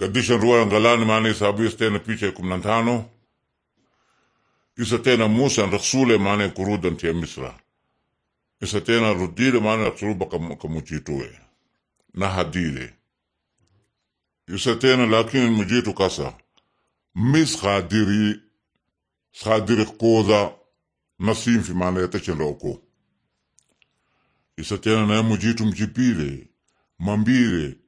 Gadishen ya ngalani maana isabuisa tena picha ya kumi na tano isa tena Musa nraksule maana nti tia Misra isa tena rudile maana raksuruba kamujituwe na hadile isa tena lakini mujitu kasa mis khadiri khadiri koza nasimfi maana yatachenraoko isa tena naye mujitu mjipile mambire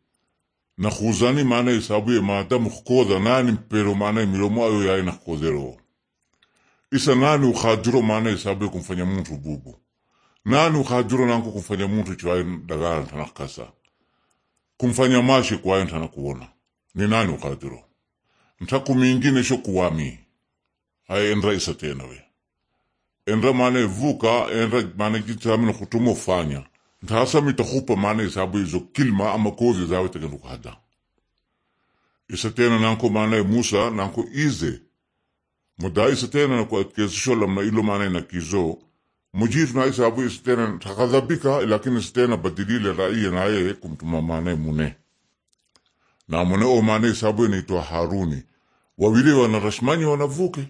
nakhuzani maana isabu ye maadamu khukoza nani mpero maana milomo ayo yaye nakhukozerowo isa nani ukhajuro maana isabu ye kumfanya muntu bubu nani ukhajuro nanko kumfanya muntu chiwaye dagala kasa kumfanya mashe kwayo kuona ni nani ukhajuro ntaku mingine sho kuwami aye endra isa tenawe endra maana vuka endra maana jitamina khutuma ufanya Dasami takupa maana isabu izo kilma ama kozi zawe tekenuka hada. Isa tena nanko maana ya Musa nanko ize. Muda isa tena na kwa kesisho lamna ilo maana na kizo. Mujitu na isabu isa tena takadhabika lakini isa tena badilile raia na ye kumtuma maana ya mune. Na mune o maana isabu ni itwa Haruni. Wawili wanarashmani wanavuke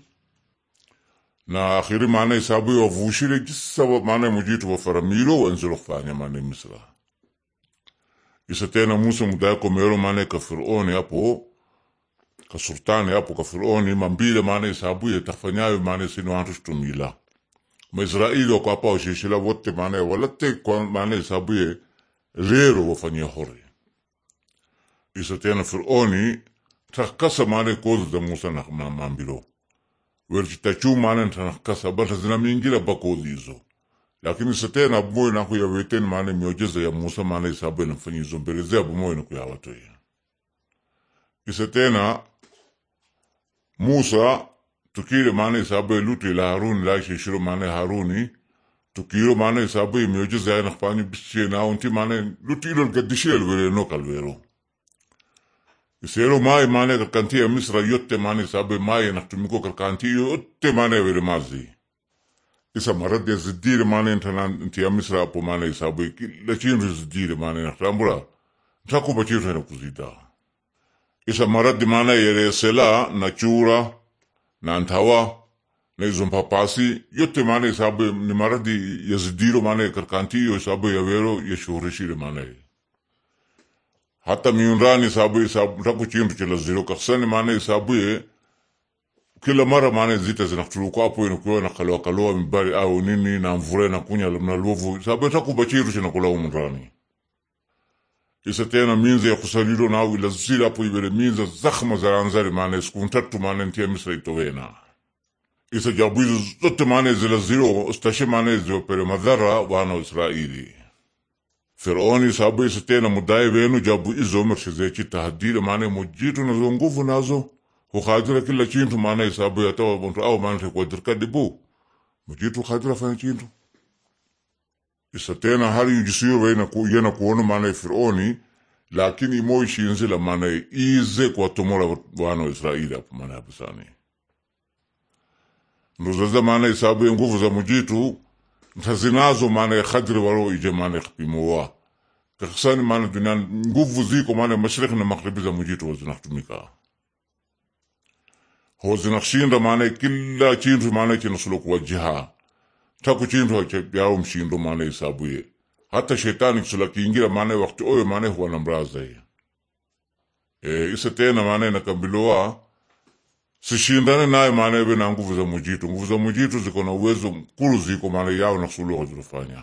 na akhiri maana isabu yowavushire jisaba maana mujitu wafaramiro wenziro kufanya maana misra isa tena musa mudaya komero maana ka apo ka apo ka mambile maana isabu yetafanyayo maana sinoantustumila maisraeli wakwapa washishila wote maana walate maana isabu ye lero wafanyia hore isa tena fironi takasa maana kozo da musa na mambilo werchitachumana ntanakasa banta zinamingila bakozizo lakini na boyo nakuyaweteni mane miojeza ya Musa maana isabu namfanyizo mbeleze abomoyo nakuyawatoya isetena Musa tukire mane isabu lutu ila Haruni laishishiro mane Haruni tukiro maana isabu miujiza yanakfanyi bishenao nti mane lutu ilo lgadishile lwereno kalwero isero mae maana kalkanti ya e Misra yote maana sababu mae natumiko kalkanti yote maana ya e wilmazi. Isa maradi ya e zidire maana intananti ya Misra hapo maana isabu kila chindu zidire maana nakutambula. Ntaku bachindu ya kuzida. Isa maradi maana yeresela na chura na ntawa na izo mpapasi yote maana isabu ni maradi ya zidiro maana kalkanti yo isabu ya vero ya shuhurishire maana hata miunrani isabuye isabu chindu chilaziro kasani maana isabuye kila mara maana zita zinakutuluka apo inakuwa kalua kalua mbali au nini na mvure na kunya na luovu isabuye takuba chiru chinakula umrani isa tena minza ya kusaliro na au ilazira apo ibere minza zakhma za ranzari maana siku ntatu maana ntia misra itowena isa jabu hizo zote maana zilaziro stashe maana ziopere madhara wana wa Israeli Firaoni isabu isi tena mudai wenu jabu izo mershize mershizeki tahdidi maana mujitu nazo nguvu nazo hukhadira kila chintu maana isabu yatawa buntu au maana tekwadirka dibu mujitu khadira fanya chintu isa tena hali yujisiyo wena kuyena kuona maana Firaoni lakini imo ishinzila maana ize kwatomora wana wa Israeli hapa maana hapo sana ndozaza maana isabu nguvu za mujitu mujitu tazinazo maana ya kadri ije maana ya kupimoa kakisani maana nguvu ziko maana ya mashariki na magharibi za mujito ho hozinakushinda maana kila chintu maana kinasula kuwajiha taku chintu hachabyao mshindo maana isabuye hata shetani kisula kiingira maana wakti oyo maana huwa na ya e, isa tena maana sishindane naye maana iwe na nguvu za mujitu nguvu za mujitu ziko na uwezo mkulu ziko maana yao na kusuluhu zilofanya